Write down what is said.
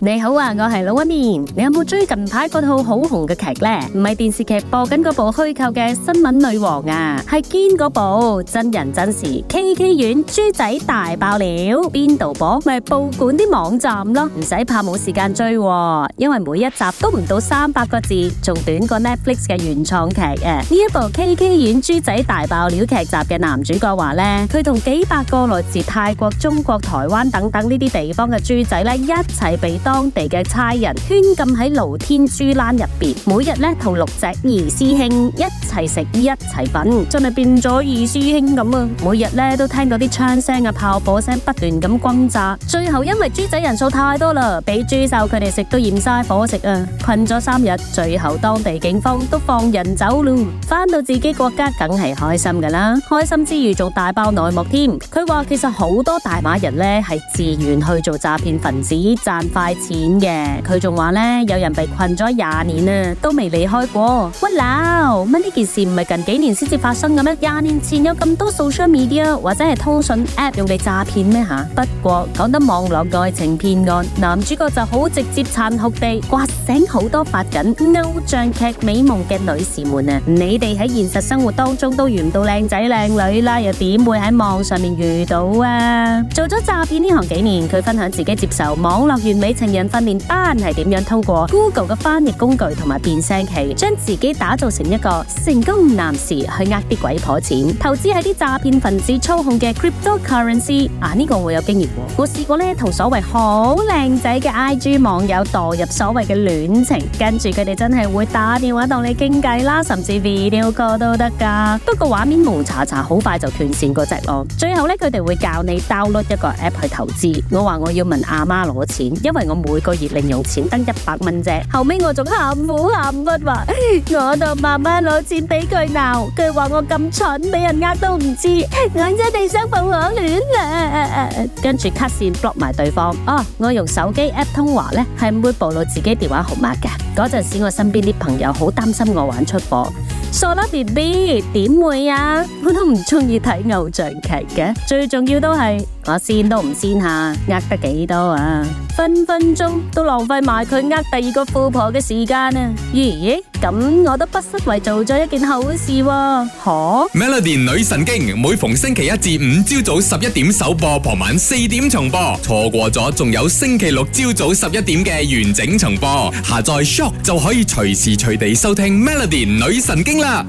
你好啊，我係龍紋敏。你有冇追近排嗰套好紅嘅劇呢？唔係電視劇，播緊嗰部虛構嘅新聞女王啊，係堅嗰部真人真事。KK 園豬仔大爆料，邊度播？咪報館啲網站咯，唔使怕冇時間追，哦，因為每一集都唔到三百個字，仲短過 Netflix 嘅原創劇啊。呢一部 KK 園豬仔大爆料劇集嘅男主角話咧，佢同幾百個來自泰國、中國、台灣等等呢啲地方嘅豬仔咧，一齊被。當地嘅差人圈禁喺露天豬欄入邊，每日咧同六隻二師兄一齊食一齊瞓，真係變咗二師兄咁啊！每日咧都聽到啲槍聲啊、炮火聲不斷咁轟炸，最後因為豬仔人數太多啦，俾豬獸佢哋食都厭晒，火食啊！困咗三日，最後當地警方都放人走咯，翻到自己國家梗係開心噶啦！開心之餘仲大爆內幕添，佢話其實好多大馬人咧係自願去做詐騙分子賺快錢嘅，佢仲話咧，有人被困咗廿年啊，都未離開過。哇啦，乜呢件事唔係近幾年先至發生嘅咩？廿年前有咁多 social media 或者係通訊 app 用嚟詐騙咩吓？不過講得網絡愛情騙案，男主角就好直接殘酷地刮醒好多發緊偶像劇美夢嘅女士們啊！你哋喺現實生活當中都遇唔到靚仔靚女啦，又點會喺網上面遇到啊？做咗詐騙呢行幾年，佢分享自己接受網絡完美情。人訓練班係點樣通過 Google 嘅翻譯工具同埋變聲器，將自己打造成一個成功男士去呃啲鬼婆錢，投資喺啲詐騙分子操控嘅 cryptocurrency。啊，呢個我有經驗，我試過呢，同所謂好靚仔嘅 IG 網友，墮入所謂嘅戀情，跟住佢哋真係會打電話同你傾偈啦，甚至 video 過都得噶。不過畫面矇查查，好快就斷線嗰隻咯。最後呢，佢哋會教你 download 一個 app 去投資。我話我要問阿媽攞錢，因為我。每個月零用錢得一百蚊啫，後尾我仲喊苦喊屈話，我就媽媽攞錢俾佢鬧，佢話我咁蠢俾人呃都唔知，我真係想報我怨啦。跟住 cut 線 block 埋對方。哦，我用手機 app 通話咧，係唔會暴露自己電話號碼噶。嗰陣時我身邊啲朋友好擔心我玩出火，傻啦，B B 點會啊？我都唔中意睇偶像劇嘅，最重要都係我先都唔先下，呃得幾多啊？分分鐘都浪費埋佢呃第二個富婆嘅時間啊！咦、欸，咁我都不失為做咗一件好事喎，啊。可，啊、Melody 女神經，每逢星期一至五朝早十一點首播，傍晚四點重播，錯過咗仲有星期六朝早十一點嘅完整重播。下載 SYOK 就可以隨時隨地收聽 Melody 女神經啦。